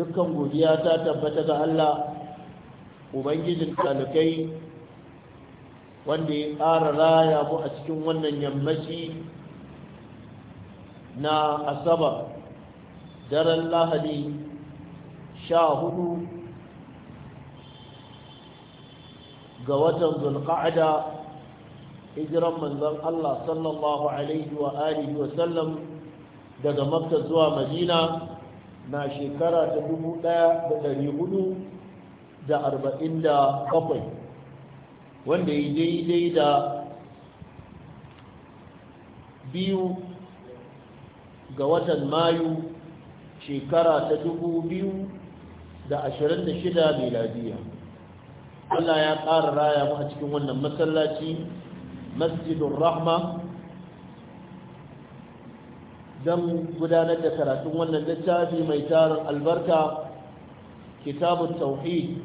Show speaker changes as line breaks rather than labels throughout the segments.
dukkan godiya ta tabbata ga Allah ubangijin talikai wanda ya ƙara raya mu a cikin wannan yammaci na asabar daren lahadi sha hudu ga watan zulqa'ada hijiran manzon Allah sallallahu alaihi wa alihi wa sallam daga makka zuwa madina na shekara ta dubu ɗaya da ɗari hudu da arba'in da bakwai wanda ya daidai da biyu ga watan mayu shekara ta dubu biyu da ashirin da shida meladiya Allah ya ƙara raya mu a cikin wannan masallaci masjidun rahma zan gudanar da karatun wannan littafi mai taron albarka kitabun tauhid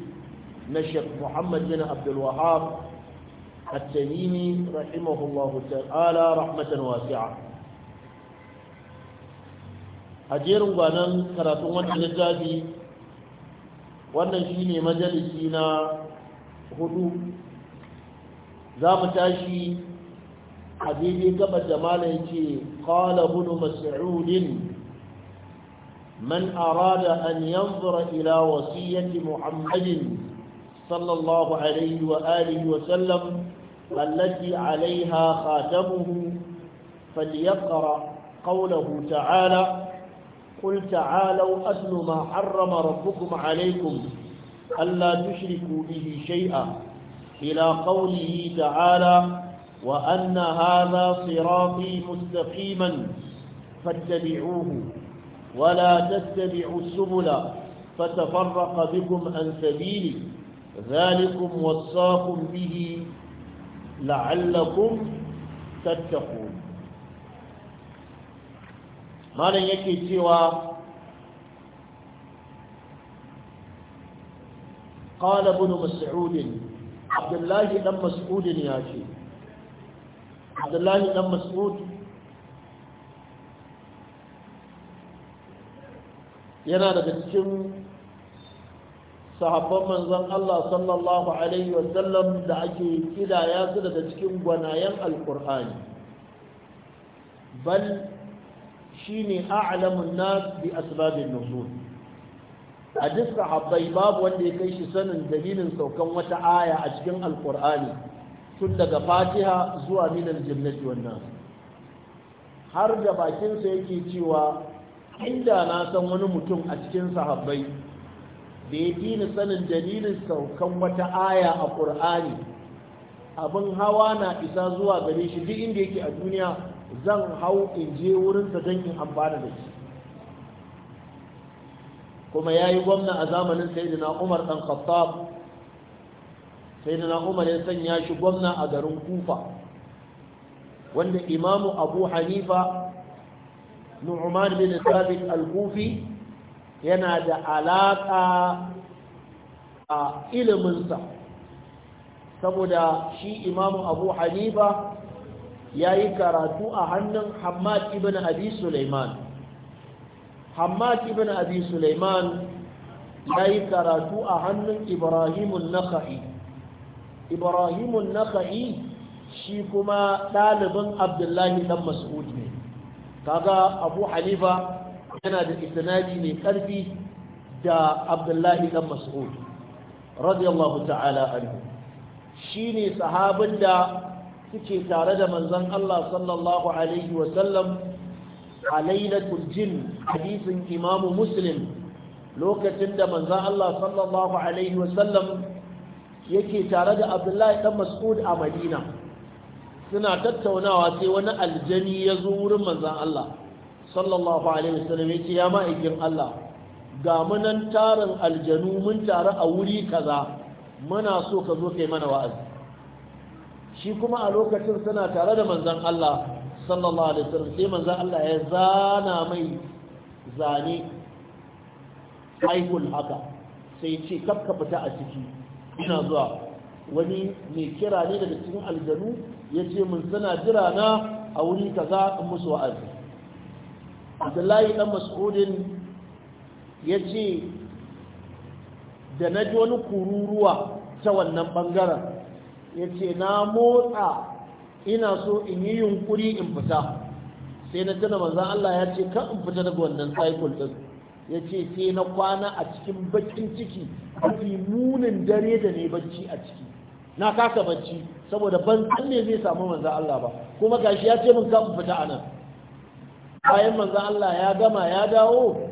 na shek muhammad bin abdulwahab التميمي رحمه الله تعالى رحمة واسعة أجير غانان كراتون wannan littafi wannan shine majalisi na hudu za mu tashi a daidai gabar da malam yake قال ابن مسعود من أراد أن ينظر إلى وصية محمد صلى الله عليه وآله وسلم التي عليها خاتمه فليقرأ قوله تعالى قل تعالوا أتل ما حرم ربكم عليكم ألا تشركوا به شيئا إلى قوله تعالى وأن هذا صراطي مستقيما فاتبعوه ولا تتبعوا السبل فتفرق بكم عن سبيلي ذلكم وصاكم به لعلكم تتقون ما لن يكي سوى قال ابن مسعود عبد الله بن مسعود يا شيخ abdullahi dan mas'ud yana daga cikin sahabban manzon Allah sallallahu alaihi wasallam da ake kidaya su daga cikin gwanayen alkur'ani bal shine a'lamun nas bi asbabin nuzul a sahabbai babu wanda ya kai shi sanin dalilin saukan wata aya a cikin alkur'ani tun daga fatiha zuwa minal jannati wannan har da bakinsa yake cewa inda na san wani mutum a cikin sahabbai da ya fi sanin dalilin saukan wata aya a ƙur'ani abin hawa na isa zuwa gare shi duk inda yake a duniya zan hau in je wurinsa don in amfana da shi kuma ya yi gwamna a zamanin na umar ɗan khattab sai na umar ya sanya shi gwamna a garin kufa wanda imamu abu hanifa nu'man bin sabit al-kufi yana da alaƙa a iliminsa saboda shi imamu abu hanifa ya yi karatu a hannun hamad ibn abi suleiman hamad ibn abi suleiman ya yi karatu a hannun ibrahimun naka'i ibrahimun naka'i shi kuma ɗalibin abdullahi ɗan mas'ud ne kaga abu Halifa yana da isnadi mai ƙarfi da abdullahi ɗan mas'ud radiyallahu ta'ala anhu shi ne sahabin da suke tare da manzon Allah sallallahu alaihi wa sallam lailatul jin hadisin imamu muslim lokacin da manzon Allah sallallahu alaihi wa sallam. yake tare da abdullahi dan mas'ud a madina suna tattaunawa sai wani aljani ya zo wurin manzan Allah sallallahu alaihi wasallam ya ce ya ma'aikin Allah ga munan tarin aljanu mun taru a wuri kaza muna so ka zo kai mana wa'azi shi kuma a lokacin suna tare da manzan Allah sallallahu alaihi wasallam sai manzan Allah ya zana mai zane haihul haka sai ce kafka fita a ciki ina zuwa wani mai kira ne daga cikin aljanu ya ce mun suna jira na a wuri kaza in musu wa'azi abdullahi dan mas'udin ya ce da na ji wani kururuwa ta wannan bangaren ya ce na motsa ina so in yi yunkuri in fita sai na tuna manzan Allah ya ce kan in fita daga wannan cycle din ya ce sai na kwana a cikin bakin ciki mafi munin dare da ne bacci a ciki na kasa bacci saboda ban ne zai samu manzan Allah ba kuma gashi ya ce min ka fita anan bayan manzan Allah ya gama ya dawo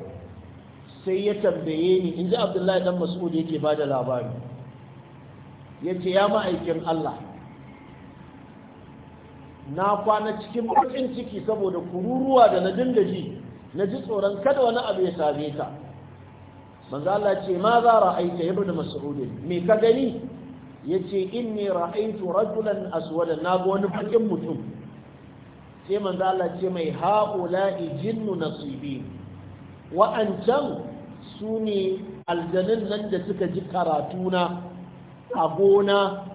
sai ya tambaye ni in ji abdullahi dan mas'ud yake ba da labari ya ma aikin Allah na kwana cikin bakin ciki saboda kururuwa da na dinga ji na ji tsoron kada wani abu ya same ka manzo Allah ce ma za ra'aita ibn mas'ud me ka gani yace inni ra'aitu rajulan aswada na ga wani bakin mutum sai manzo Allah ce mai haula'i jinnu nasibi wa'ancan su ne aljanin nan da suka ji karatuna a gona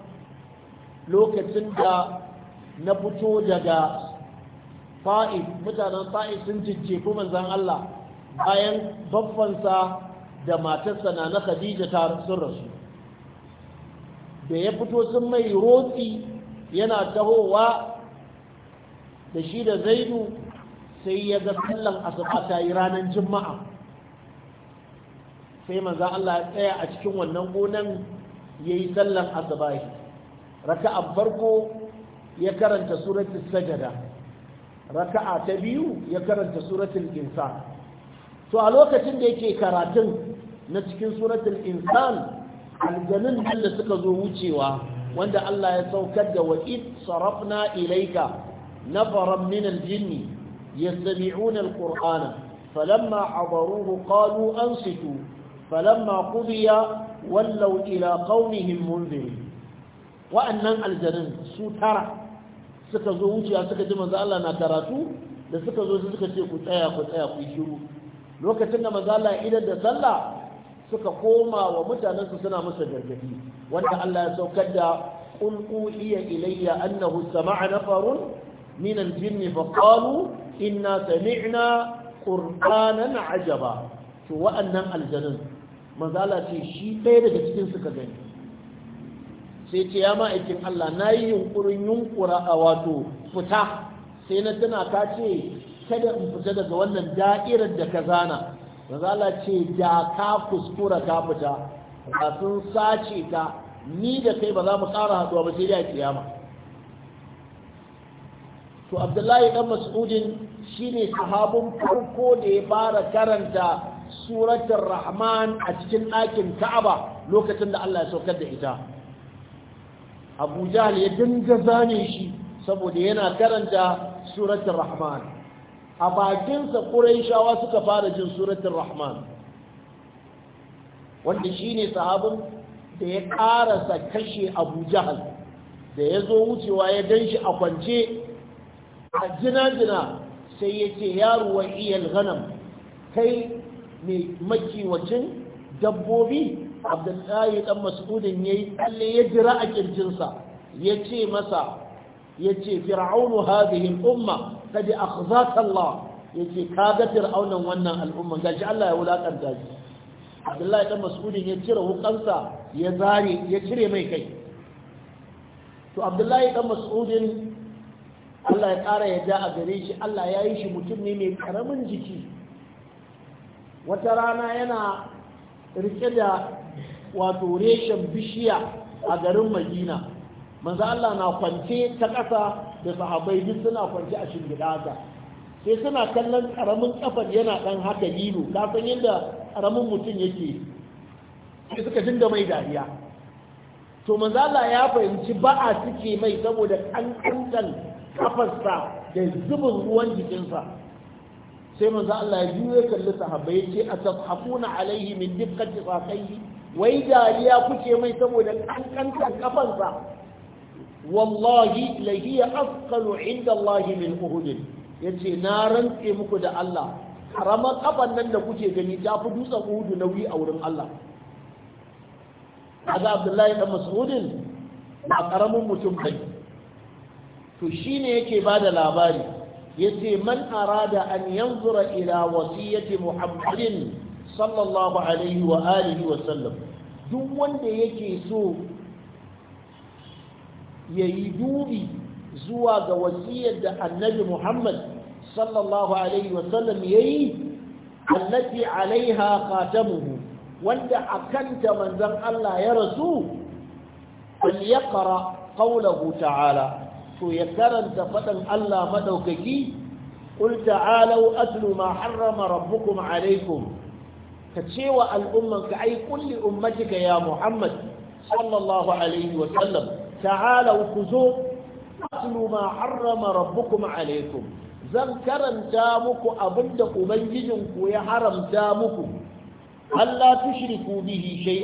lokacin da na fito daga fa'id mutanen fa'id sun ku manzan Allah bayan babbansa da matarsa na na Khadija ta sun rasu da ya fito sun mai rotsi yana tahowa da shi da zaidu sai ya ga sallan asuba ta yi ranar juma'a sai manzan Allah ya tsaya a cikin wannan gonan ya yi sallan asuba raka farko ya karanta suratul sajada raka'a ta biyu ya karanta suratul insan to a lokacin da yake karatun na cikin suratul insan aljanun nan da suka zo wucewa wanda Allah ya saukar da wa'id sarafna ilayka nafaran min aljinni yastami'una alqur'ana falamma hadaruhu qalu ansitu falamma qudiya wallaw ila qaumihim munzirin wa'annan aljanun su tara suka zo wuciya suka ji manzo Allah na karatu da suka zo suka ce ku tsaya ku tsaya ku shiru lokacin da manzo Allah idan da sallah suka koma wa mutanen su suna masa gargadi wanda Allah ya saukar da qul uhiya ilayya annahu sama'a nafarun min al-jinni fa qalu inna sami'na qur'anan ajaba to wa'annan aljanun manzo Allah ce shi ɗaya daga cikin suka gani sai ce ya ma'aikin Allah na yi yunkurin yunkura a wato fita sai na tuna ka ce kada in fita daga wannan da'irar da ka zana manzala ce da ka kuskura ka fita ba sun sace ka ni da kai ba za mu ƙara haɗuwa ba sai dai a kiyama to abdullahi dan mas'udin shine sahabun farko da ya fara karanta suratul rahman a cikin ɗakin ka'aba lokacin da Allah ya saukar da ita abu jahal ya dinga zane shi saboda yana karanta suratun rahman a bakinsa shawa suka fara jin suratun rahman wanda shine sahabin da ya ƙarasa kashe abu jahal da ya zo wucewa ya gan shi a kwance a jina-jina sai ya ce wa iyal ganam kai mai makiwacin dabbobi abdullahi dan mas'udin yayi kalle ya jira a kirjinsa yace masa yace fir'aunu hadhihi al-umma kad akhzaka Allah yace ga fir'aunan wannan al'umma gashi Allah ya wulakanta shi abdullahi dan mas'udin ya cire hukansa ya zare ya cire mai kai to abdullahi dan mas'udin Allah ya ƙara yadda a gare shi Allah ya yi shi mutum ne mai karamin jiki wata rana yana rike da wato reshen bishiya a garin madina manzo Allah na kwance ta ƙasa da sahabbai duk suna kwance a shingidata sai suna kallon ƙaramin kafar yana ɗan haka lilo ka san yadda ƙaramin mutum yake sai suka dinga mai dariya to manzo Allah ya fahimci ba'a suke mai saboda kankantan kafarsa da zubin ruwan jikinsa sai manzo Allah ya kalli sahabbai ya ce atafhafuna alaihi min dikkati saqayhi wai dariya kuke mai saboda kankantar kafansa wallahi lahiya afqalu inda Allahi min uhud yace na rantse muku da Allah karamar kafan nan da kuke gani ta fi dutsen uhud nauyi a wurin Allah kaga Abdullahi da Mas'udin ba karamin mutum kai to shine yake bada labari yace man arada an yanzura ila wasiyati Muhammadin sallallahu alaihi wa alihi wa sallam duk wanda yake so ya yi dubi zuwa ga wasiyar da annabi Muhammad sallallahu alaihi wa sallam ya yi allati alaiha khatamuhu wanda akanta manzon Allah ya rasu falyaqra qawluhu ta'ala to ya karanta fadan Allah madaukaki قل تعالوا أتل ما حرم ربكم عليكم ka wa al'umman ka ai kulli ummatika ya Muhammad sallallahu alaihi wa ta'ala ku zo atlu ma harrama kuma alaikum zan karanta muku abinda ubangijinku ya haramta muku Allah tushriku bihi Shi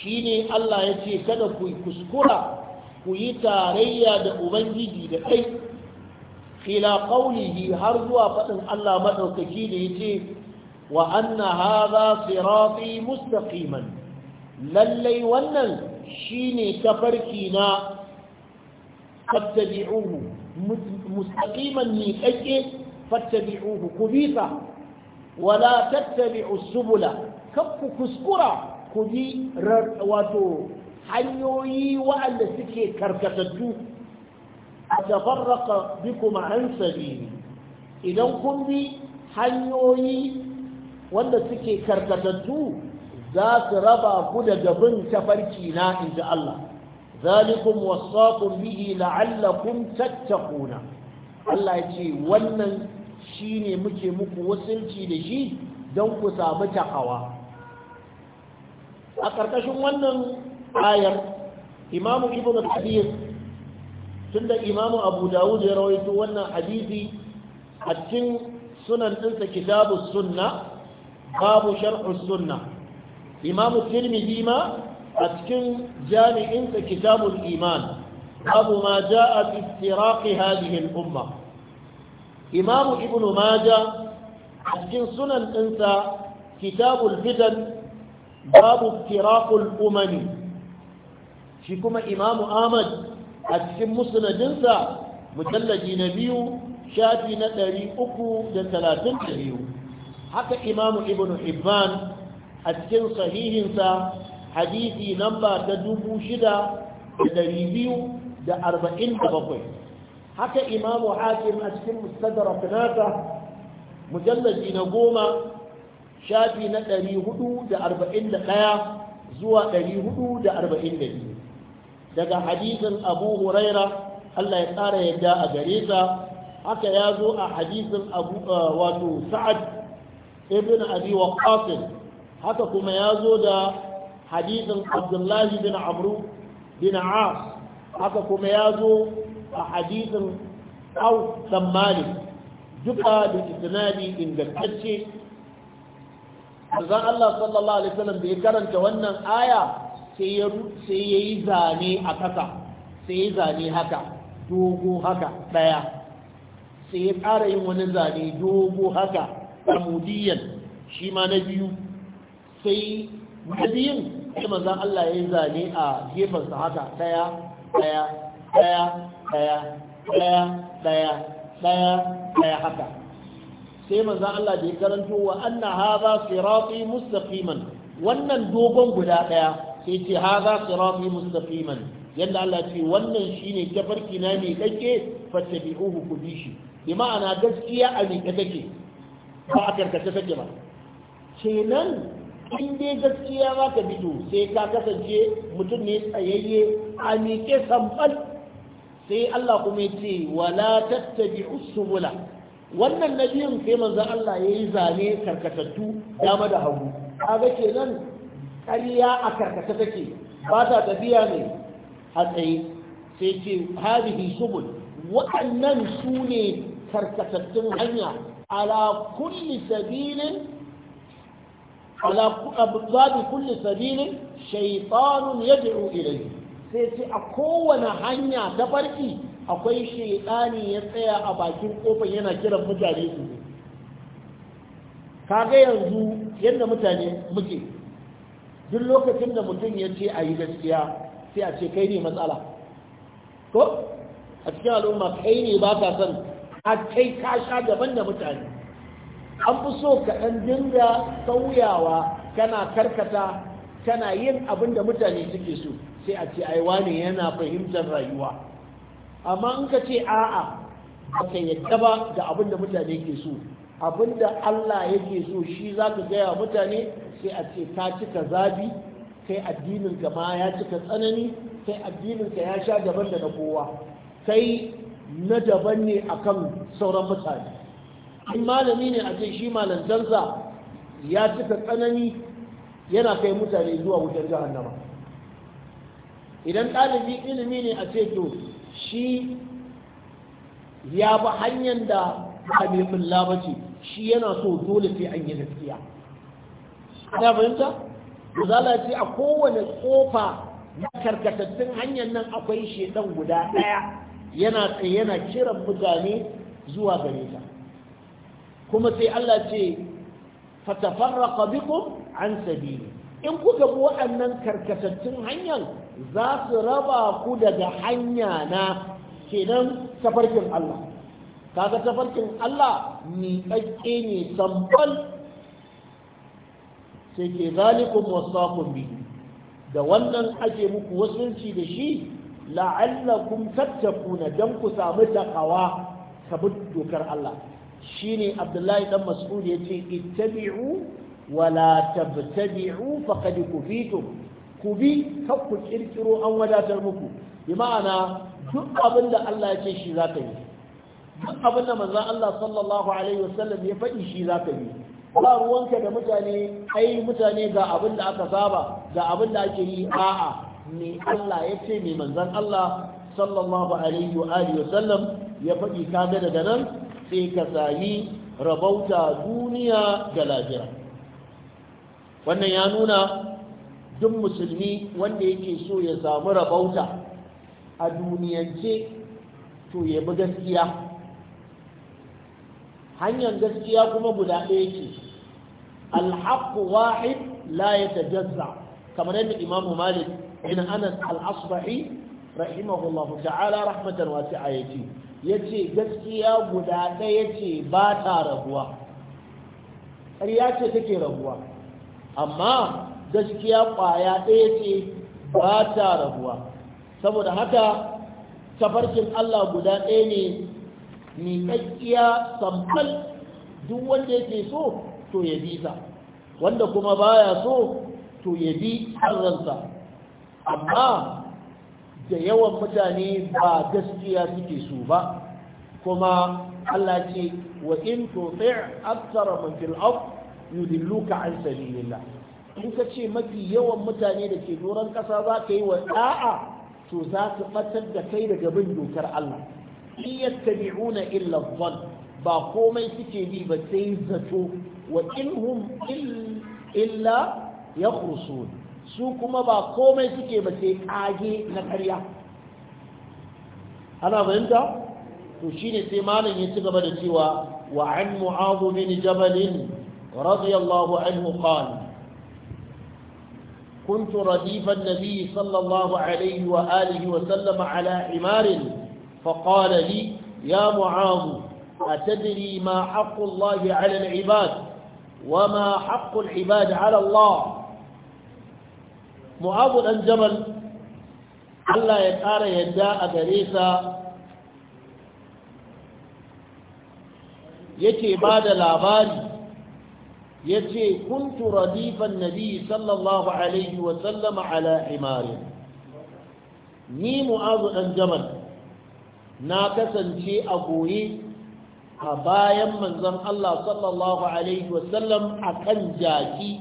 shine Allah yace kada ku kuskura ku yi tarayya da ubangiji da kai ila qawlihi har zuwa faɗin Allah madaukaki da yace وأن هذا صراطي مستقيما للي ونن شيني كفركينا فاتبعوه مستقيما نيكي فاتبعوه كبيثا ولا تتبعوا السبل كف كسكرا كبي رواتو حيوي وأن سكي كركتتو أتفرق بكم عن سبيلي إذا كن بي حيوي wanda suke karkatattu za su raba ku daga bin tafarki na inji Allah zalikum wasaqum bihi la'allakum tattaquna Allah ya ce wannan shine muke muku wasilci da shi don ku samu takawa a karkashin wannan ayar imamu ibnu kathir tunda imamu abu dawud ya rawaito wannan hadisi a cikin sunan ɗinsa kitabu sunna babu shar'us sunna imamu tirmidhi ma a cikin jami'insa kitabul iman Abu ma ja'a fi istiraqi hadhihi al-umma imamu ibnu maja a cikin sunan ɗinsa kitabul fitan babu firaqul umami shi kuma imamu ahmad a cikin musnadinsa mujallaji na biyu shafi na ɗari uku da talatin da biyu haka imamu ibn hibban a cikin sahihinsa hadithi namba ta dubu shida da dari biyu da arba'in da bakwai haka imamu hakim a cikin mustadrak nata mujallaji na goma shafi na dari hudu da arba'in da ɗaya zuwa dari hudu da arba'in da biyu daga hadithin abu huraira allah ya tsara yadda a gare sa haka ya zo a hadithin abu eh, wato sa'ad ibn abi waqas haka kuma ya zo da hadisin abdullahi bin amr bin as haka kuma ya zo a hadisin au dan duka da isnadi ingantacce azan Allah sallallahu alaihi wasallam da ya karanta wannan aya sai ya sai yayi zane a kasa sai yayi zane haka dogo haka daya sai ya ƙara yin wani zane dogo haka amudiyan shi ma na biyu sai na biyun sai manzan Allah ya yi zane a gefensa haka ɗaya ɗaya ɗaya ɗaya ɗaya ɗaya ɗaya haka sai manzan Allah da ya karanto wa anna haza sirati mustaqiman wannan dogon guda ɗaya sai ce haza sirati mustaqiman yadda Allah ce wannan shine tafarki na mai kake fattabi'uhu ku bi shi bi ma'ana gaskiya a miƙe kake. ba a karkace take ba kenan in dai gaskiya ba ka bito sai ka kasance mutum ne tsayayye a miƙe samfal sai Allah kuma ce wala tattabi usubula wannan nabiyin sai manzon Allah ya yi zane karkatattu dama da hagu kaga kenan ƙarya a karkata take ba ta tafiya ne a tsaye sai ce hadihi subul waɗannan su ne karkatattun hanya ala kulli sabilin ala abzabi kulli sabilin sai ce a kowane hanya ta farki akwai shaitani ya tsaya a bakin kofar yana kiran mutane su kaga yanzu yadda mutane muke duk lokacin da mutum ya ce a yi gaskiya sai a ce kai ne matsala ko a cikin al'umma kai ne ba ka son a kai ka sha gaban da mutane an fi so ka ɗan dinga sauyawa kana karkata kana yin abin da mutane suke so sai a ce aiwa ne yana fahimtar rayuwa amma in ka ce a'a ka yadda ba da abin da mutane ke so abin da Allah yake so shi za ka gaya mutane sai a ce ka cika zabi kai addinin ka ma ya cika tsanani kai addinin ka ya sha daban da na kowa kai na daban ne akan sauran mutane in malami ne a ce shi malantarsa ya cika tsanani yana kai mutane zuwa wutar jahannama idan ɗalibi ilimi ne a ce to shi ya bi hanyar da hamimin labarci shi yana so dole sai an yi gaskiya ana fahimta misala ce a kowane tsofa na karkatattun hanyar nan akwai shedan guda ɗaya yana yana kiran mutane zuwa gare ta kuma sai Allah ce fatafarraqa bikum an sabili in kuka bi waɗannan karkatattun hanyar za su raba ku daga hanya na kenan tafarkin Allah kaga tafarkin Allah miƙaƙƙe ne sambal sai ke zalikun wasu bi da wannan ake muku wasunci da shi La'alla kun tattafuna dan ku samu takawa sabu dokar Allah shine Abdullahi dan Mas'ud yace ittabi'u wa la tabtadi'u faqad kufitum ku bi ku kirkiro an wadatar muku bi ma'ana duk abin da Allah ya ce shi za ka yi duk abin da manzon Allah sallallahu alaihi wasallam ya faɗi shi za ka yi ba ruwanka da mutane ai mutane ga abin da aka saba ga abin da ake yi a'a me Allah ya ce me manzon Allah sallallahu alaihi wa alihi wa sallam ya faɗi kaga daga nan sai ka sami rabauta duniya da lafiya wannan ya nuna duk musulmi wanda yake so ya samu rabauta a duniyance to ya bi gaskiya hanyar gaskiya kuma guda ɗaya ce alhaƙu wahid la ya tajazza kamar yadda imamu malik bin anas al-asbahi rahimahullahu ta'ala rahmatan a yace yace gaskiya guda ɗaya ce ba ta rabuwa ƙarya ce take rabuwa amma gaskiya ƙwaya ɗaya ce ba ta rabuwa saboda haka tafarkin Allah guda ɗaya ne miƙaƙƙiya samfal duk wanda yake so to ya bi wanda kuma baya so to ya bi harransa amma da yawan mutane ba gaskiya suke so ba kuma Allah ce wa in tuti' aktsara man fil ard yudilluka an sabilillah in ka ce mafi yawan mutane da ke doron kasa za ka yi wa da'a to za ka batar da kai daga bin dokar Allah in yattabi'una illa dhann ba komai suke bi ba sai zato wa in hum illa yakhrusun su kuma ba komai suke ba sai kage na ƙarya ana fahimta to shine sai malam ya ci gaba da cewa wa an mu'adh bin jabal radiyallahu anhu qala كنت رديف النبي صلى الله عليه وآله وسلم على حمار فقال لي يا معاذ أتدري ما حق الله على العباد وما حق العباد على الله mu'abu dan jabal Allah ya ƙara yadda a gare sa yake ba da labari ya ce kuntu radifan nabi sallallahu alaihi wasallama ala imarin ni mu'abu ɗan jamal na kasance a goye a bayan manzan Allah sallallahu Alaihi wasallam a kan jaki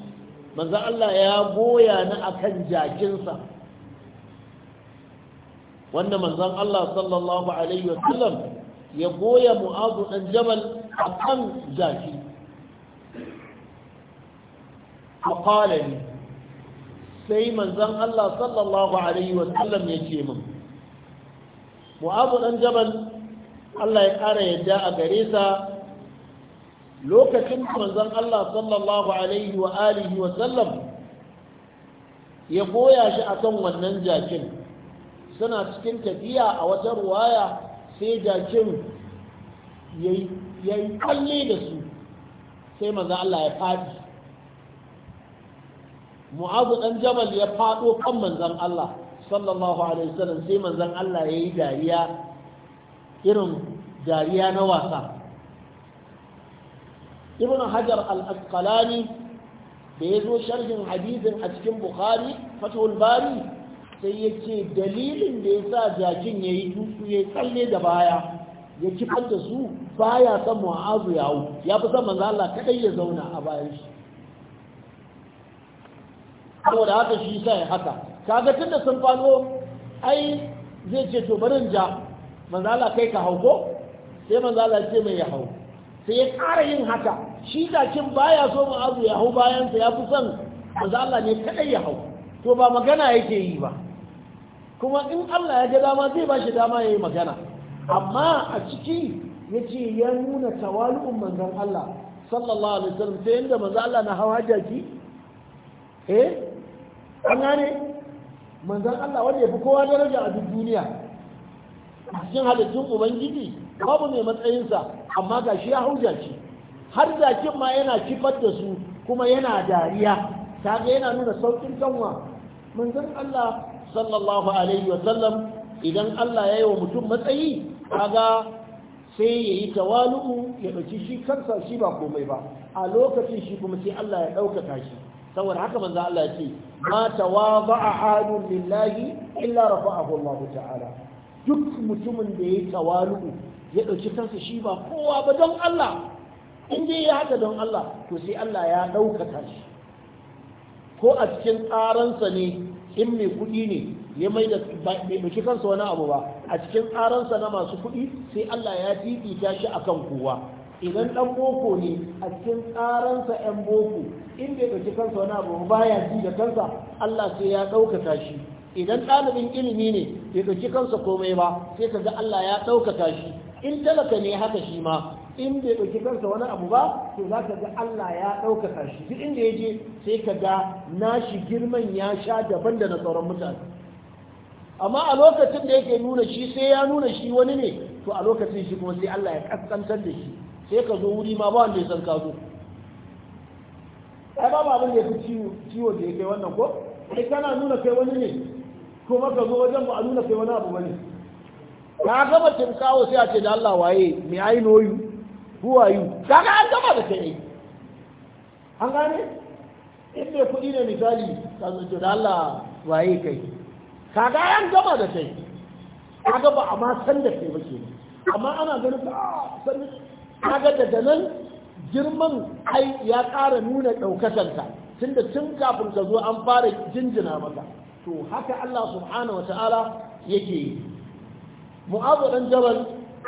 manzan Allah ya goya ni akan jakinsa wanda manzan Allah sallallahu alaihi wasallam ya goya mu'azu dan jabal akan jaki فقال لي sai manzon Allah sallallahu alaihi wasallam ya ce min mu'azu dan jabal Allah ya ƙara yadda a gare sa lokacin manzon Allah sallallahu alaihi wa alihi wa sallam ya goya shi akan wannan jakin suna cikin tafiya a wata ruwaya sai jakin ya yi kwalle da su sai manzon Allah ya faɗi. mu'azu dan jabal ya faɗo kan manzon Allah sallallahu alaihi wa wasallam sai manzon Allah ya yi dariya irin dariya na wasa ibn hajar al-asqalani da ya zo sharhin hadisin a cikin bukhari fathul bari sai ya ce dalilin da ya sa jakin ya yi tutsu ya tsalle da baya ya kifar da su baya son mu'azu ya hau ya fi son manzo Allah kadai ya zauna a bayan shi saboda haka shi sa sai haka kaga tunda sun fano ai zai ce to barin ja manzo Allah kai ka hau ko sai manzo Allah ce mai ya hau sai ya ƙara yin haka shi jakin baya so abu ya hau bayansa ya fi son manzo Allah ne kadai ya hau to ba magana yake yi ba kuma in Allah ya ga dama zai ba shi dama ya yi magana amma a ciki ya ce ya nuna tawali'un manzon Allah sallallahu alaihi wasallam sai inda manzo Allah na hawa jaki eh an gane Allah wanda yafi kowa daraja a duk duniya a cikin halittun ubangiji babu mai matsayinsa amma ga shi ya hau jaki har zakin ma yana kifar da su kuma yana dariya kaga yana nuna saukin kanwa manzon Allah sallallahu alaihi wa sallam idan Allah ya yi wa mutum matsayi kaga sai ya yi tawalu'u ya ɗauki shi kansa shi ba komai ba a lokacin shi kuma sai Allah ya ɗaukaka shi saboda haka manzo Allah ya ce ma tawadha'a halun lillahi illa rafa'ahu Allah ta'ala duk mutumin da ya yi tawalu'u ya ɗauki kansa shi ba kowa ba don Allah in dai ya haka don Allah to sai Allah ya ɗaukaka shi ko a cikin tsaransa ne in mai kuɗi ne ya mai da kansa wani abu ba a cikin tsaransa na masu kuɗi sai Allah ya fifita shi akan kowa idan ɗan boko ne a cikin tsaransa ‘yan boko in bai ɗauki kansa wani abu ba ya ji da kansa Allah sai ya ɗaukaka shi idan ɗalibin ilimi ne bai ɗauki kansa komai ba sai ka ga Allah ya ɗaukaka shi in talaka ne haka shi ma in bai ɗauki kansa wani abu ba to za ka ga Allah ya ɗaukaka shi duk inda ya je sai ka ga nashi girman ya sha daban da na sauran mutane amma a lokacin da yake nuna shi sai ya nuna shi wani ne to a lokacin shi kuma sai Allah ya kaskantar da shi sai ka zo wuri ma ba wanda ya san ka zo ai ba abin da ya fi ciwo da ya kai wannan ko kai kana nuna kai wani ne ma ka zo wajen ba a nuna kai wani abu ba ne ka gama tinkawo sai a ce da Allah waye mai noyu? who are you kaga an gama da kai an gane in mai kuɗi ne misali kasance da Allah waye kai kaga an gama da kai kaga ba a ma san da kai ba ke amma ana ganin ba ah, san kaga daga nan girman ai ya ƙara nuna ɗaukakanka tunda tun kafin ka zo an fara jinjina maka to haka Allah subhanahu wa ta'ala yake yi mu'azu dan jabal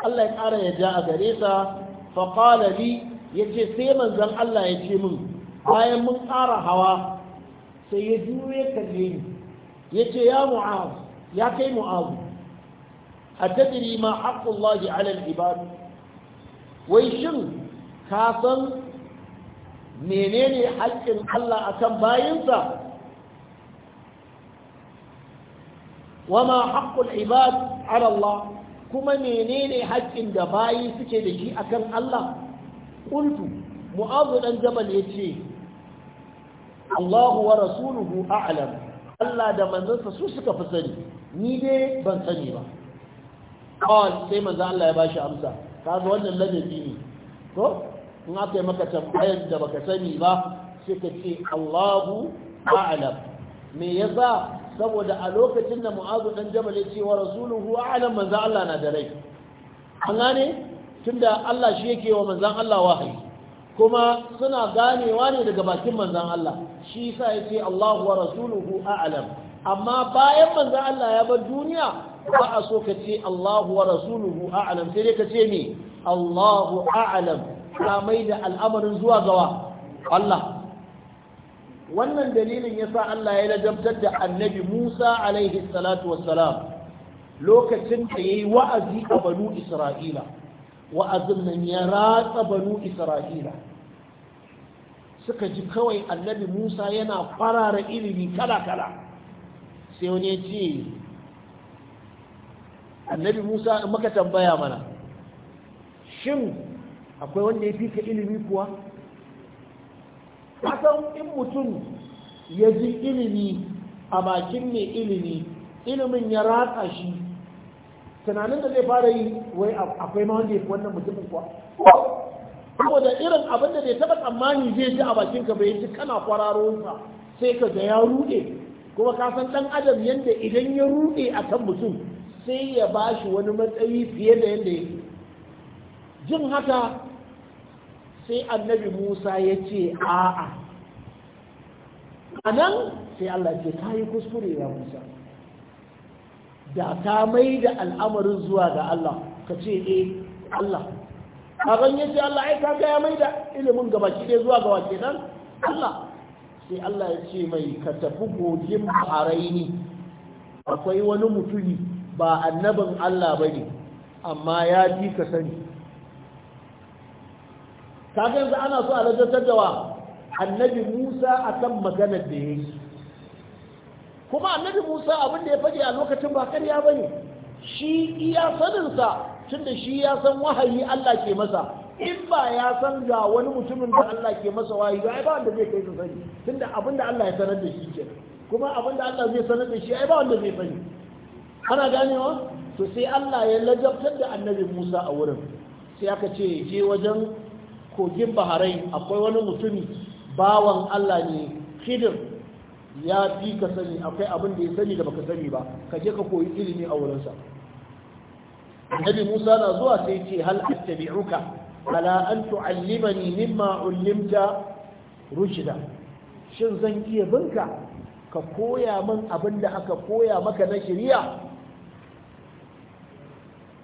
Allah ya ƙara ya ja a gare sa faƙala li ya ce sai manzan Allah ya ce min bayan mun ƙara hawa sai ya juye kalle ni ya ce ya mu'azu ya kai mu'azu a tadiri ma haƙullahi alal ibadu wai shin ka san menene haƙƙin Allah akan bayinsa ma haƙƙun ibad ala Allah kuma menene haƙƙin da bayi suke da shi akan Allah qultu mu'azu dan jabal yace Allahu wa rasuluhu a'lam Allah da manzansa su suka fi sani ni dai ban sani ba kawai sai manzo Allah ya bashi amsa ga wannan ladabi ne ko in aka yi maka tambayar da baka sani ba sai ka ce Allahu a'lam me yasa saboda a lokacin da mu'azu dan jabal ya ce wa rasuluhu a'lam manzo Allah na da rai an gane tunda Allah shi yake wa manzon Allah wahayi kuma suna ganewa ne daga bakin manzon Allah shi yasa yace Allahu wa rasuluhu a'lam amma bayan manzon Allah ya bar duniya ba a so ka ce Allahu wa rasuluhu a'lam sai dai ka ce me Allahu a'lam ka mai da al'amarin zuwa gawa Allah wannan dalilin ya sa Allah ya lajabtar da annabi Musa alaihi salatu wassalam lokacin da yayi wa'azi a banu Isra'ila wa'azin nan ya ratsa banu Isra'ila suka ji kawai annabi Musa yana farara ilimi kala-kala sai wani ya ce annabi Musa in maka tambaya mana shin akwai wanda ya fi ka ilimi kuwa kasan in mutum ya ji ilimi a bakin mai ilimi ilimin ya ratsa shi tunanin da zai fara yi wai akwai ma wanda ya fi wannan mutumin kuwa da irin abin da bai taba tsammani zai ji a bakin ka bai ji kana kwararo sa sai ka ga ya rude kuma ka san dan adam yadda idan ya rude kan mutum sai ya ba shi wani matsayi fiye da yanda yake jin haka sai annabi musa ya ce a'a a nan sai allah ce ta yi kuskure ya musa da ta mai da al'amarin zuwa ga allah ka ce e allah kagan ya ce allah ai ga ya mai da ilimin gaba ki zuwa ga wake nan allah sai allah ya ce mai ka tafi gogin ne. akwai wani mutumi ba annabin allah ba ne amma ya ji ka sani kaga yanzu ana so a lajantar da wa annabi Musa akan maganar da yi. kuma annabi Musa abin da ya faɗi a lokacin ba karya bane shi iya saninsa tunda shi ya san wahayi Allah ke masa in ba ya san ga wani mutumin da Allah ke masa wahayi ba ai ba wanda zai kai su sani tunda abin da Allah ya sanar da shi ke kuma abin da Allah zai sanar da shi ai ba wanda zai sani ana ganewa to sai Allah ya lajabtar da annabi Musa a wurin sai aka ce je wajen kogin baharai akwai wani mutumi bawan Allah ne khidir ya fi ka sani akwai abin da ya sani da baka sani ba ka je ka koyi ilimi a wurinsa Nabi Musa na zuwa sai ce hal attabi'uka ala an tu'allimani mimma ullimta rushda shin zan iya binka ka koya min abin da aka koya maka na shari'a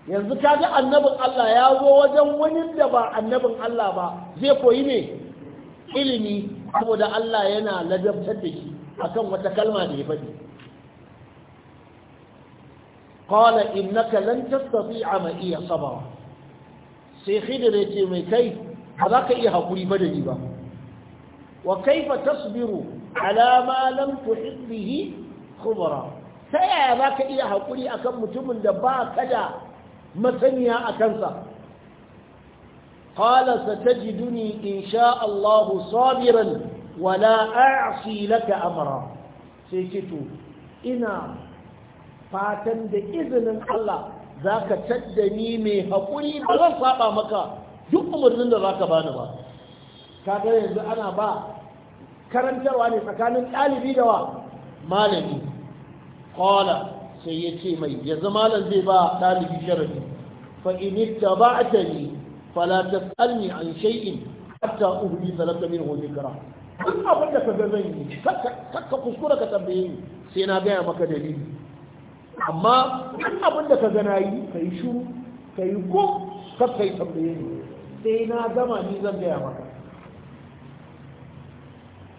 yanzu kaga annabin Allah ya zo wajen wani da ba annabin Allah ba zai koyi ne ilimi saboda Allah yana ladabtar da shi akan wata kalma da ya faɗi qala innaka lan tastati'a ma iya sabara sai ya ce mai kai ba za ka iya hakuri ba da ni ba wa kaifa tasbiru ala ma lam tuhib bihi khubra ta yaya za ka iya hakuri akan mutumin da ba ka da masaniya a kansa qala satajiduni insha allahu sabiran wala a'si laka amara. sai to ina fatan da izinin Allah zaka taddani mai haƙuri ba zan saba maka duk umarnin da za ka bani ba kaga yanzu ana ba karantarwa ne tsakanin ɗalibi da wa malami qala sai ya ce mai yanzu malam zai ba ɗalibi sharadi fa in ittaba'ta ni fala tas'alni an shay'in hatta uhdi salaka min dhikra duk abin da ka ga zan yi kakka kuskura ka tambaye ni sai na gaya maka dalili amma duk abin da ka ga na yi ka yi shuru ka yi ko kakka yi tambaye ni sai na gama ni zan gaya maka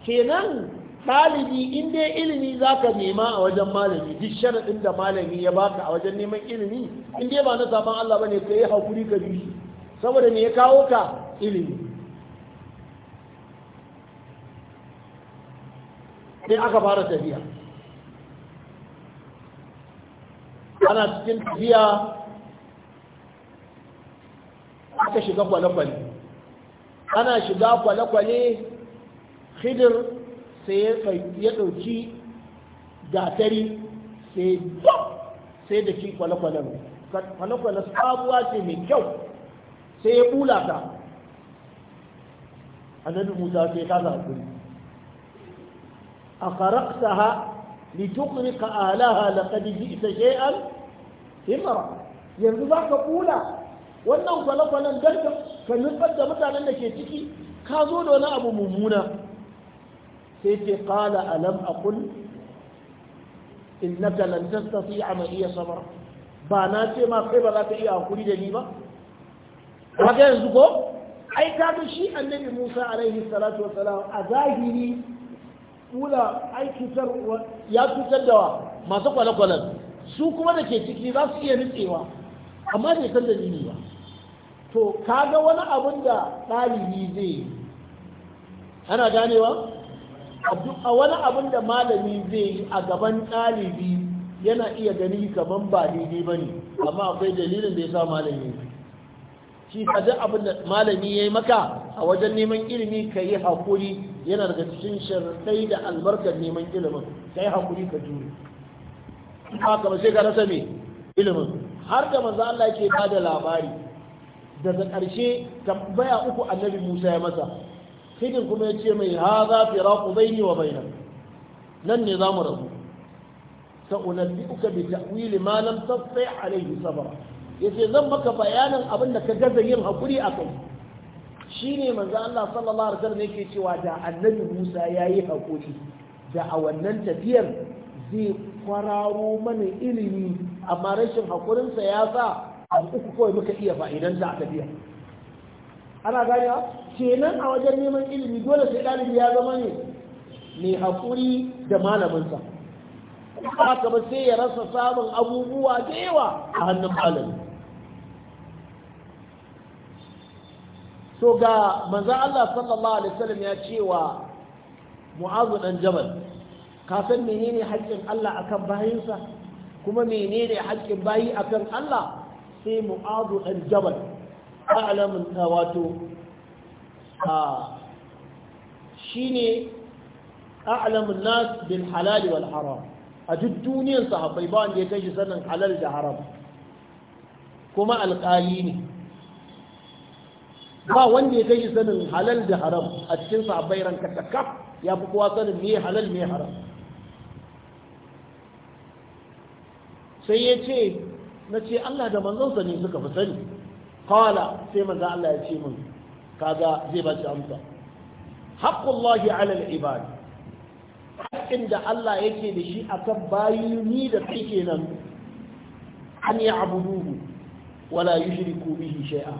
kenan ɗalibi in dai ilimi zaka nema a wajen malami duk sharaɗin da malami ya baka a wajen neman ilimi in dai ba na saban Allah bane ka yi haƙuri ka bi shi saboda me ya kawo ka ilimi sai aka fara tafiya ana cikin tafiya aka shiga kwale-kwale ana shiga kwale-kwale khidir sai ya ɗauki gatari sai sai da shi kwale-kwalen kwale-kwale sabuwa ce mai kyau sai ya bula ta annabi musa sai ta zaɓi a karakta ha litukuri ka alaha laƙad ji'ita shay'an imra yanzu za ka bula wannan kwale-kwalen don ka nutsar da mutanen da ke ciki ka zo da wani abu mummuna sai ce qala alam aqul innaka lan tastati'a ma iya sabar ba na ce ma kai ba za ka iya hakuri da ni ba kaga yanzu ko ai kaga shi annabi Musa alaihi salatu a zahiri kula ai cutar ya cutar da masu kwale-kwalen su kuma da ke ciki za su iya nutsewa amma bai san dalili ba to kaga wani abin da ɗalibi zai ana ganewa a wani abin da malami zai yi a gaban ɗalibi yana iya gani kamar ba daidai ba ne amma akwai dalilin da ya sa malami shi ka abin da malami ya yi maka a wajen neman ilimi ka yi haƙuri yana daga cikin sharaɗai da albarkar neman ilimin ka yi haƙuri ka jure haka ba sai ka rasa mai ilimin har da maza Allah ke ba da labari daga ƙarshe tambaya uku annabi Musa ya masa hidin kuma ya ce mai fi firaku baini wa bainan nan ne za mu rabu sa'unabbi'uka bi ta'wili ma lam tastati' alayhi sabra yace zan maka bayanin abin da ka gaza yin hakuri akai shine manzo Allah sallallahu alaihi wasallam yake cewa da annabi Musa yayi hakuri da a wannan tafiyar zai kwararo mana ilimi amma rashin hakurinsa ya sa abu uku kawai muka iya fa'idanta a tafiyar ana ganewa kenan a wajen neman ilimi dole sai ɗalibi ya zama ne mai haƙuri da malaminsa haka ba sai ya rasa samun abubuwa da yawa a hannun malami so ga manzo Allah sallallahu alaihi wasallam ya ce wa Mu'adh dan Jabal ka san menene haƙƙin Allah akan bayinsa kuma menene haƙƙin bayi akan Allah sai mu'azu dan Jabal a'lamun ta wato a shine a'lamun nas bil halal wal haram a duk duniyar sahabbai ba wanda ya kai shi sanin halal da haram kuma alƙali ne ba wanda ya kai shi sanin halal da haram a cikin sahabbai ranka takaf ya fi kowa sanin me halal me haram sai ya ce na ce Allah da manzonsa ne suka fi sani qala sai manzo Allah ya ce min kaga zai ba shi amsa haqqullahi ala al-ibad haƙƙin da Allah yake da shi akan bayi ni da kai nan an ya'buduhu wala yushriku bihi shay'a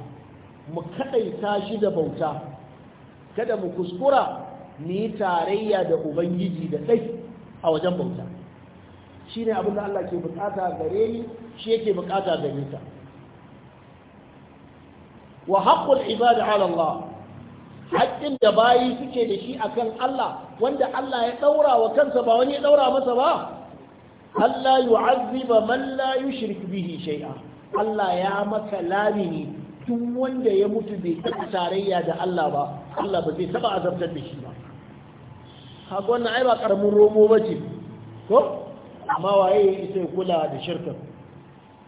mu kadaita shi da bauta kada mu kuskura mu yi tarayya da ubangiji da dai a wajen bauta shine abin da Allah ke bukata gare ni shi yake bukata gare ta wa haqqul ibadi ala Allah haƙƙin da bayi suke da shi akan Allah wanda Allah ya ɗaura wa kansa ba wani ya ɗaura masa ba Allah yu'azziba man la yushrik bihi shay'a Allah ya maka lamini tun wanda ya mutu bai taɓa tarayya da Allah ba Allah ba zai taɓa azabtar da shi ba haka wannan ai ba karamin romo ba ce ko amma waye sai kula da shirka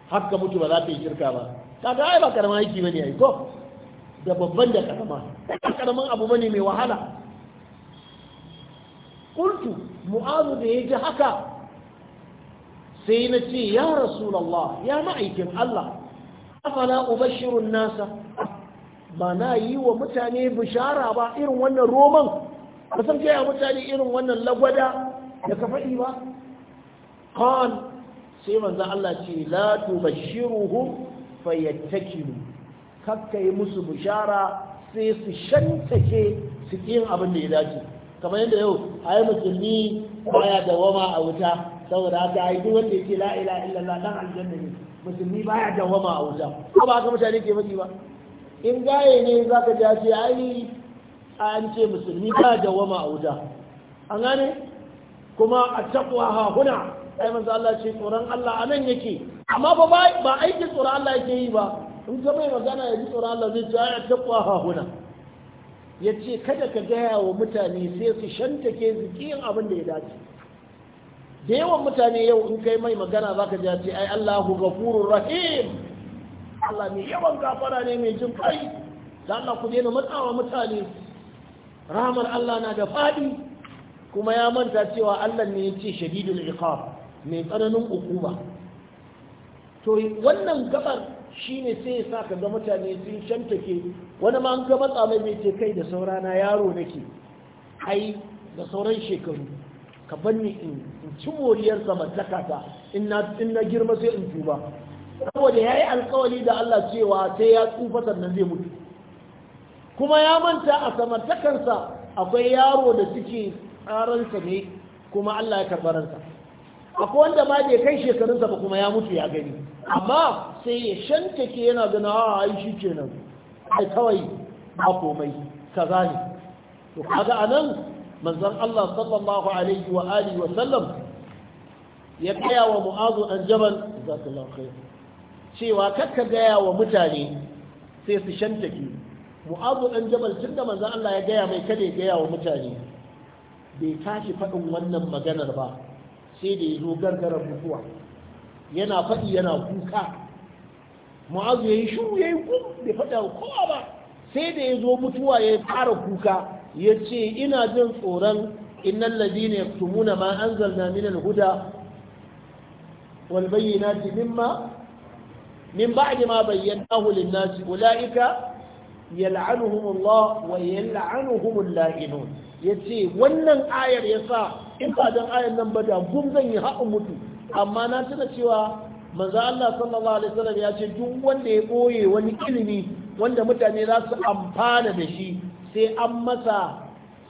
haka mutu ba za ta yi shirka ba kaga ai ba karama aiki bane ai ko da babban da karama karaman abu bane mai wahala qultu mu'azu da yaji haka sai na ce ya rasulullah ya ma'aikin Allah afala ubashiru nasa ba na yi wa mutane bishara ba irin wannan roman ba san ya mutane irin wannan lagwada da ka faɗi ba qan sai manzo Allah ce la tubashiruhum fayyattakilu kakka yi musu bishara sai su shantake su yin abin da ya dace kamar yadda yau a yi musulmi baya dawama a wuta saboda haka a yi duk wanda ya ce la'ila illallah dan aljanna ne musulmi baya dawama a wuta ko ba haka mutane ke mafi ba in gaye ne za ka ja ce a an ce musulmi baya dawama a wuta an gane kuma a taqwa ha huna ai manzo Allah ce tsoron Allah anan yake amma ba ba aikin tsoron Allah yake yi ba in ka mai magana ya ji tsoron Allah zai ta ya huna ya ce kada ka gaya wa mutane sai su shantake su ƙin abin da ya dace da yawan mutane yau in kai mai magana za ka ja ce ai Allahu gafurur rahim Allah mai yawan gafara ne mai jin kai da Allah ku daina matsawa mutane rahmar Allah na da faɗi kuma ya manta cewa Allah ne ya ce shadidul iqab mai tsananin hukuma to wannan gabar ne sai ya ka ga mutane sun ke wani ma an ga matsa mai mai ce kai da saurana yaro nake ai da sauran shekaru ka banni in ci moriyar sama zakata in na girma sai in tuba saboda ya yi alkawali da Allah cewa sai ya tsufa sannan zai mutu kuma ya manta a samartakarsa akwai yaro da suke tsaransa ne kuma Allah ya karbaransa akwai wanda ma ya kai shekarunsa ba kuma ya mutu ya gani amma sai ya shantake yana gana a ah, aishi kenan ai kawai ba komai kaza ne to kaga anan manzon Allah sallallahu alaihi wa alihi wa sallam ya gaya wa mu'azu an jabal zakallahu khair cewa kakka gaya wa mutane sai su shantake mu'azu an jabal tun da manzon Allah ya gaya mai kada ya gaya wa mutane bai tashi faɗin wannan maganar ba sai da ya zo gargarar mutuwa yana faɗi yana kuka mu'azu ya yi shuru ya yi kun bai faɗa kowa ba sai da ya zo mutuwa ya fara kuka ya ce ina jin tsoron innan ladina ya tumuna ma an zalna minal huda wal bayyinati mimma min ba'di ma bayyanahu lin-nas ulaika yal'anuhumullah wa yal'anuhumul Ya ce wannan ayar yasa in ba don ayar nan ba da gum zan yi haɓa mutu amma na tuna cewa manzo Allah sallallahu alaihi wasallam ya ce duk wanda ya boye wani ilimi wanda mutane za su amfana da shi sai an masa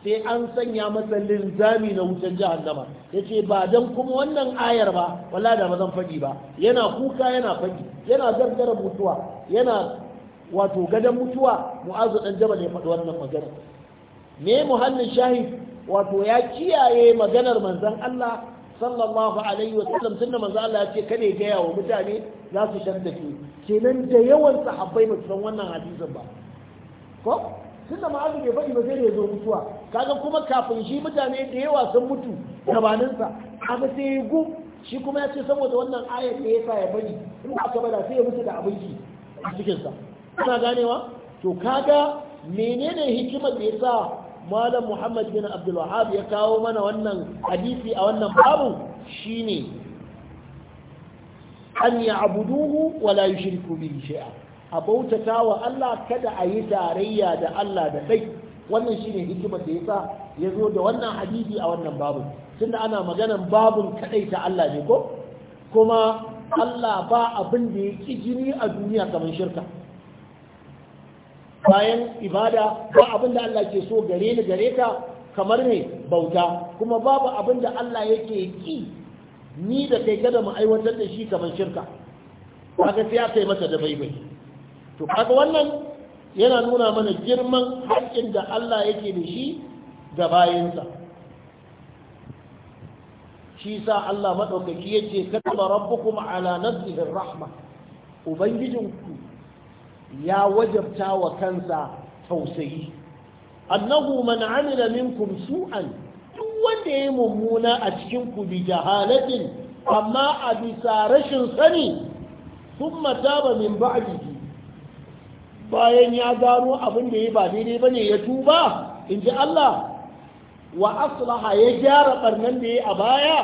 sai an sanya masa linzami na wutar jahannama yace ba dan kuma wannan ayar ba wallahi da ba zan faɗi ba yana kuka yana faɗi yana zargara mutuwa yana wato gadan mutuwa mu'azu dan jabal ya faɗi wannan magana me muhallin shahid wato ya kiyaye maganar manzon Allah sallallahu alaihi wa sallam tunda manzo Allah ya ce kada gaya wa mutane za su shaddace kenan da yawan sahabbai ba su san wannan hadisin ba ko tunda ma'azu bai faɗi ba sai da ya zo mutuwa kaga kuma kafin shi mutane da yawa sun mutu gabaninsa kaga sai ya gu shi kuma ya ce saboda wannan ayat da yasa ya bari in ba ka bada sai ya mutu da abinci a cikinsa kana ganewa to kaga menene hikimar da ya sa? malam muhammad bin abdul wahab ya kawo mana wannan hadisi a wannan babu shine an ya'buduhu wa la yushriku bihi shay'a a bautata wa Allah kada a yi tarayya da Allah da dai wannan shine hikimar da yasa ya zo da wannan hadisi a wannan babu tunda ana maganan babun kadai ta Allah ne ko kuma Allah ba abin da ya ki jini a duniya kamar shirka bayan ibada ba abin da Allah ke so gare ni gare ta kamar ne bauta kuma babu abin da Allah yake ki ni da kai kada mu aiwatar da shi kamar shirka kaga sai aka yi masa da baibai to kaga wannan yana nuna mana girman haƙƙin da Allah yake da shi ga bayansa shi sa Allah maɗaukaki yake kataba rabbukum ala nafsihi rahma ubangijinku ya wajabta wa kansa tausayi annahu man amila minkum su'an duk wanda yayi mummuna a cikin ku bi jahalatin amma a bisa rashin sani thumma taba min ba'dihi bayan ya gano abin da ya ba daidai bane ya tuba inji Allah wa aslaha ya gyara barnan da ya a baya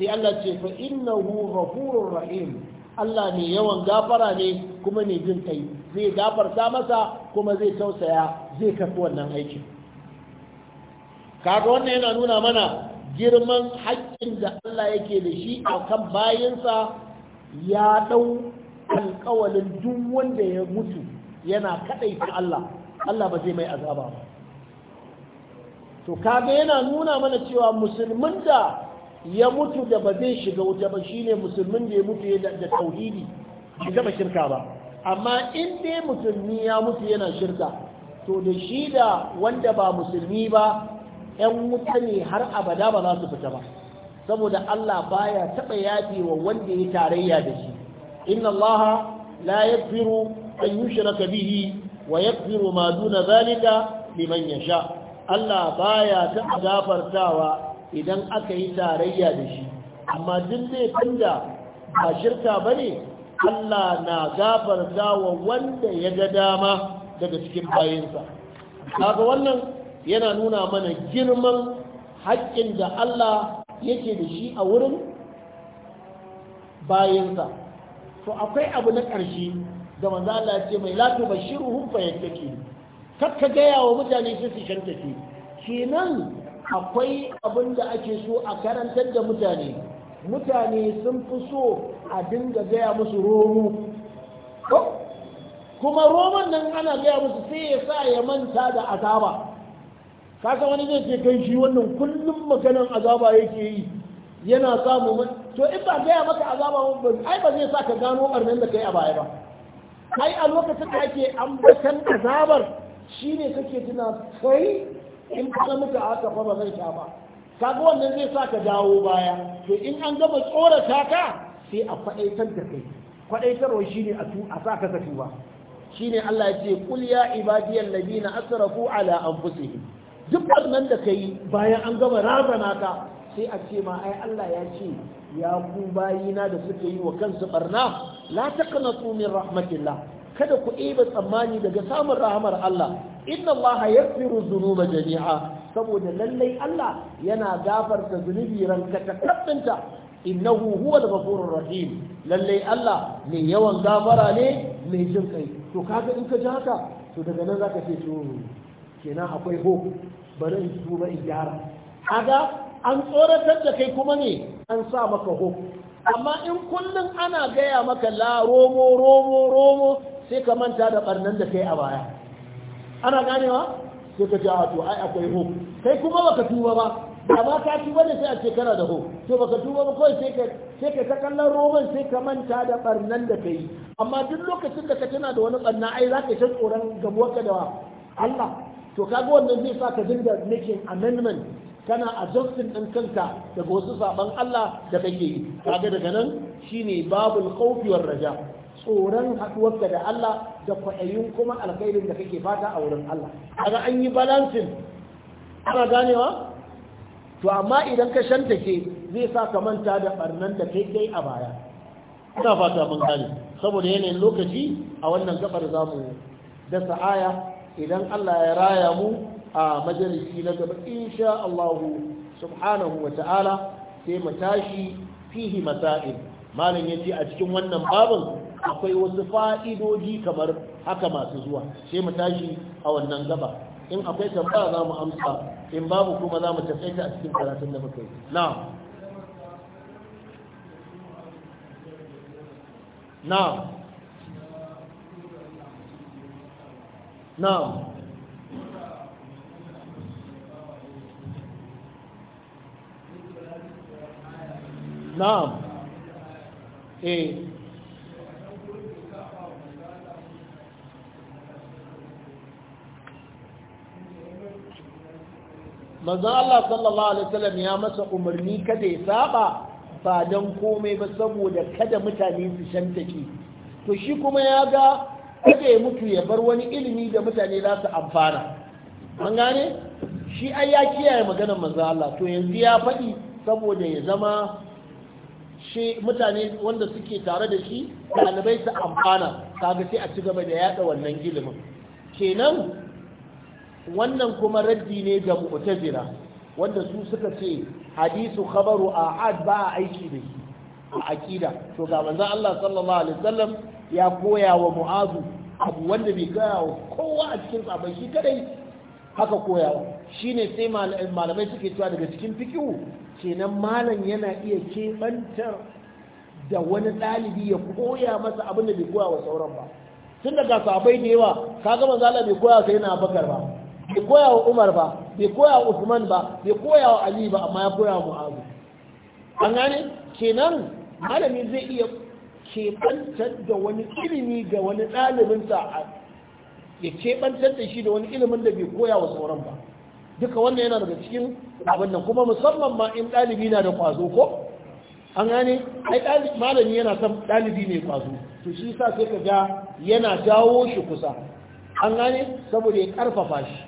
sai Allah ce fa innahu ghafurur rahim Allah ne yawan gafara ne kuma ne jin kai zai gafarta masa kuma zai tausaya zai karɓi wannan aikin kaga wannan yana nuna mana girman haƙƙin da Allah yake da shi a kan bayansa ya ɗau alƙawalin duk wanda ya mutu yana ta Allah Allah ba zai mai azaba ba to kaga yana nuna mana cewa musulmin da ya mutu da ba zai shiga wuta ba shine musulmin da ya mutu da tauhidi bai taba shirka ba amma in dai musulmi ya mutu yana shirka to da shi da wanda ba musulmi ba yan wuta ne har abada ba za su fita ba saboda Allah baya taba yafe wa wanda ya tarayya da shi inna Allah la yaghfiru an yushraka bihi wa yaghfiru ma duna zalika liman yasha Allah baya taɓa gafartawa idan aka yi tarayya da shi amma duk zai da ba shirka ba ne Allah na gafarta wa wanda ya ga dama daga cikin bayansa kaga wannan yana nuna mana girman haƙƙin da Allah yake da shi a wurin bayansa to akwai abu na ƙarshe da manzo Allah ya ce mai latu bashiruhum kar kakka gaya wa mutane su shi shantake kenan akwai abin da ake so a karantar da mutane mutane sun fi so a dinga gaya musu romu kuma roman nan ana gaya musu sai ya sa ya manta da azaba kasa wani zai ce kai shi wannan kullum maganin azaba yake yi yana samu to in ba gaya maka azaba ba ai ba zai sa ka gano barnan da kai a baya ba Kai a lokacin da ake ambatan azabar shine kake tuna kai in ka muka haka fa ba zai sha ba kaga wannan zai sa ka dawo baya to in an gama tsorata ka sai a faɗaitar da kai faɗaitarwa shine a tu a sa ka tafi ba shine Allah ya ce qul ya ibadiyal ladina asrafu ala anfusihim duk wannan da kai bayan an gama razana ka sai a ce ma ai Allah ya ce ya ku bayina da suka yi wa kansu barna la taqnatu min rahmatillah kada ku ɗiba tsammani daga samun rahamar Allah inna Allah yaghfiru dhunuba jami'a saboda lallai Allah yana gafar da zunubi ranka ta kaddanta innahu huwal ghafurur rahim lallai Allah mai yawan gafara ne mai jin kai to kaga in ka ji haka to daga nan zaka ce to kenan akwai ho bari in tuba in gyara kaga an tsoratar da kai kuma ne an sa maka ho amma in kullum ana gaya maka la romo romo romo sai ka manta da barnan da kai a baya ana ganewa sai ka ce a to ai akwai ho kai kuma baka tuba ba amma ka tuba ne sai a ce kana da ho to baka tuba ba kawai sai ka sai ka kallon roman sai ka manta da barnan da kai amma duk lokacin da ka tana da wani barna ai za ka yi tsoron ka da Allah to kaga wannan zai sa ka dinga making amendment kana adjusting ɗin kanka daga wasu saban Allah da kake yi kaga daga nan shine babul khawfi war raja tsoron haɗuwarka da Allah da kwaɗayin kuma alkhairin da kake fata a wurin Allah Aga an yi balansin ana ganewa to amma idan ka ke zai sa ka manta da ɓarnan da kai kai a baya ina fata mun gane saboda yanayin lokaci a wannan gabar zamu dasa aya idan Allah ya raya mu a majalisi na gaba insha Allah subhanahu wa ta'ala sai mu tashi fihi masail malam ce a cikin wannan babin akwai wasu fa'idoji kamar haka masu zuwa sai mu tashi a wannan gaba in akwai tambaya za mu amsa in babu kuma za mu ta a cikin karatun da muka yi na'am na'am na'am na'am eh manzon Allah sallallahu alaihi wasallam ya masa umarni kada ya saba ba dan komai ba saboda kada mutane su shantake to shi kuma ya ga kada ya mutu ya bar wani ilimi da mutane za su amfana an gane shi ai ya kiyaye maganar manzon Allah to yanzu ya faɗi saboda ya zama shi mutane wanda suke tare da shi ɗalibai su amfana kaga sai a ci gaba da yaɗa wannan ilimin kenan wannan kuma raddi ne ga mu'tazila wanda su suka ce hadisu khabaru ahad ba a aiki da shi a aqida to ga manzon Allah sallallahu alaihi wasallam ya koya wa mu'azu abu wanda bai koya wa kowa a cikin sahabbai shi kadai haka koyawa shine sai malamai suke cewa daga cikin fiqhu kenan malam yana iya kebantar da wani ɗalibi ya koya masa abin da bai koya wa sauran ba tun daga sahabbai da yawa kaga manzo Allah bai koya sai na bakar ba bai koya wa Umar ba bai koya wa Usman ba bai koya wa Ali ba amma ya koya wa Mu'azu an gane kenan malami zai iya keɓantar da wani ilimi ga wani sa ya keɓantar da shi da wani ilimin da bai koya wa sauran ba duka wannan yana daga cikin abin nan kuma musamman ma in ɗalibi na da kwazo ko an gane ai malami yana son ɗalibi mai kwazo to shi sa sai ka ga yana jawo shi kusa an gane saboda ya karfafa shi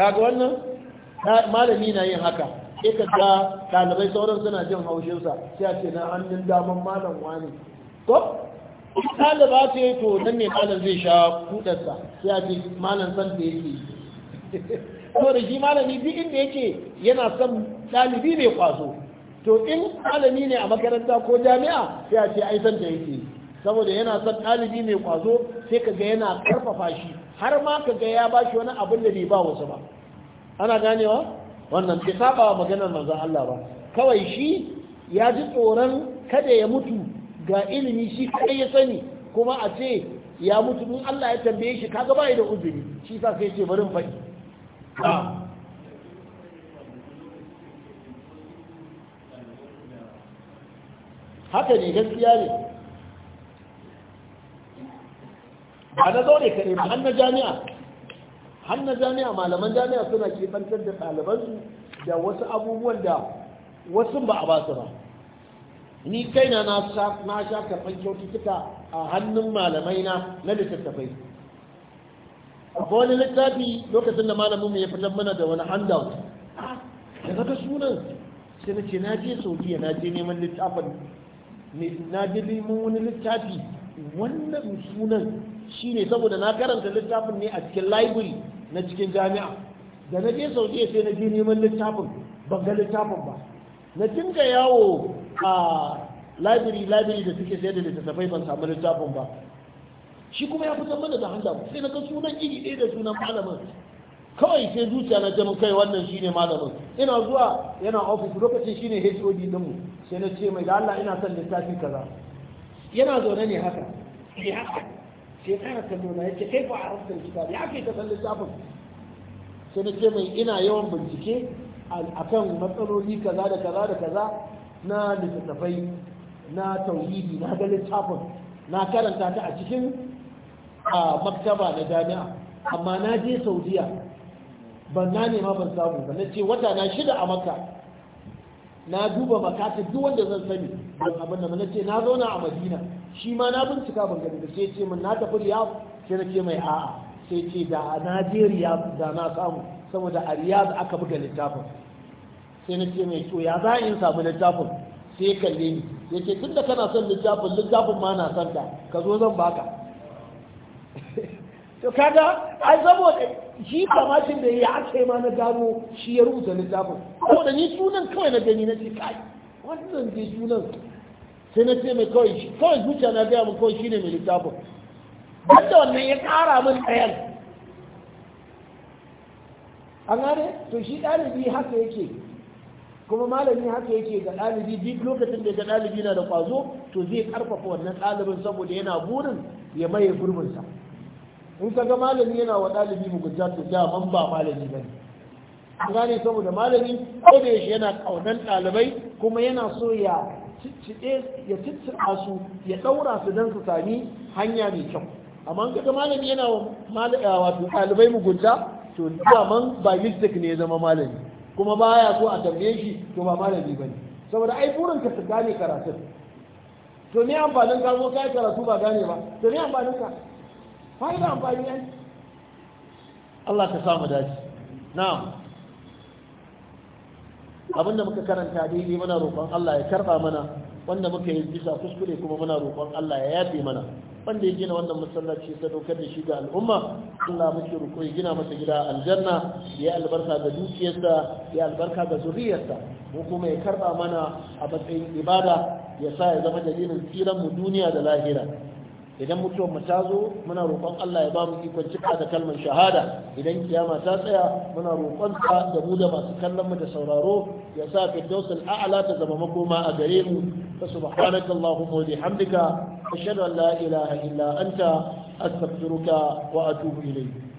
kaga wannan malami na yin haka sai ka ga ɗalibai sauran suna jin haushinsa sai a ce na hannun daman malam wani ko ɗaliba ce to nan ne malam zai sha kudarsa sai a ce malam san da yake da shi malami duk inda yake yana son ɗalibi mai kwazo to in malami ne a makaranta ko jami'a sai a ce ai san da yake saboda yana son ɗalibi mai kwazo sai ka ga yana karfafa shi har ma ka ga ya bashi wani abin da bai ba wasu ba ana ganewa wannan bai saba wa maganar manzon Allah ba kawai shi ya ji tsoron kada ya mutu ga ilimi shi kai ya sani kuma a ce ya mutu in Allah ya tambaye shi kaga bai da uzuri shi sa sai ce bari faɗi ah. haka ne gaskiya ne ba na zaune kaɗai ba har na jami'a har na jami'a malaman jami'a suna kebantar da ɗalibansu da wasu abubuwan da wasu ba a basu ba ni kaina na sha karɓar kyaututtuka a hannun malamai na na littattafai akwai wani littafi lokacin da malamin ya fitar mana da wani handout ah, da kaga sunan sai na ce na je biya na je neman littafin na je neman wani littafi wannan sunan shi ne saboda na karanta littafin ne a cikin library na cikin jami'a da na je saudiya sai na je neman littafin ban ga littafin ba na dinga yawo a library library da suke sayar da littattafai ban samu littafin ba shi kuma ya fitar mana da handa sai na ga sunan iri ɗaya da sunan malamin kawai sai zuciya na jamin kai wannan shi ne malamin ina zuwa yana ofis lokacin shi ne HOD dinmu sai na ce mai da Allah ina son littafi kaza yana zaune ne haka sai haka sai kana yake na yace kai fa arabta kitab ya kai ta san sai nake mai ina yawan bincike akan matsaloli kaza da kaza da kaza na littattafai na tauhidi na ga littafin na karanta ta a cikin a maktaba na jami'a amma na je saudiya ban na nema ban samu ba na ce wata na shida a makka na duba makata duk wanda zan sani don abin da na ce na zauna a madina shi ma na bincika ban gani da sai ce min na tafi riyab sai na ce mai a'a sai ce da na je riyab da na samu saboda a riyab aka buga littafin sai na ce mai to ya za in samu littafin sai kalle ni yace tun da kana son littafin littafin ma na son ka ka zo zan baka to kaga ai saboda shi kamashin da ya ake ma na gano shi ya rubuta littafin da ni sunan kawai na gani na ce kai wannan da sunan sai na ce mai kawai shi kawai zuciya na gaya mu kawai shine mai littafin wanda wannan ya kara min ɗayan an gane to shi ɗalibi haka yake kuma malami haka yake ga ɗalibi duk lokacin da ga ɗalibi na da ƙwazo to zai ƙarfafa wannan ɗalibin saboda yana burin ya maye gurbinsa in ka ga malami yana wa ɗalibi mugunta to ban ba malami ba ne an gane saboda malami ko da yake yana ƙaunar ɗalibai kuma yana so ya ya cicciɓa su ya ɗaura su don su sami hanya mai kyau amma ka ga malami yana eh, wato ɗalibai mugunta to daman ba mistake ne ya zama malami kuma baya so a tambaye shi to ba malami ba ne saboda ai burin ka su gane karatun to ne amfanin ka zo kai karatu ba gane ba to ne amfanin ka ba da amfani yanci Allah ka samu dace na'am abinda muka karanta daidai muna roƙon Allah ya karɓa mana wanda muka yi bisa kuskure kuma muna roƙon Allah ya yafe mana wanda ya gina wannan masallaci ta dokar da shi ga al'umma Allah muke roƙo ya gina masa gida aljanna ya albarka ga dukiyarsa ya albarka ga zuriyarsa mu kuma ya karɓa mana a matsayin ibada ya sa ya zama dalilin tsiran mu duniya da lahira idan mutuwar mu ta zo muna roƙon Allah ya ba mu ikon cika da kalmar shahada idan kiyama ta tsaya muna roƙon ka da mu da masu kallon mu da sauraro ya sa firdausul a'la ta zama makoma a gare mu fa subhanaka allahumma wa bihamdika ashhadu an la ilaha illa anta astaghfiruka wa atubu ilayk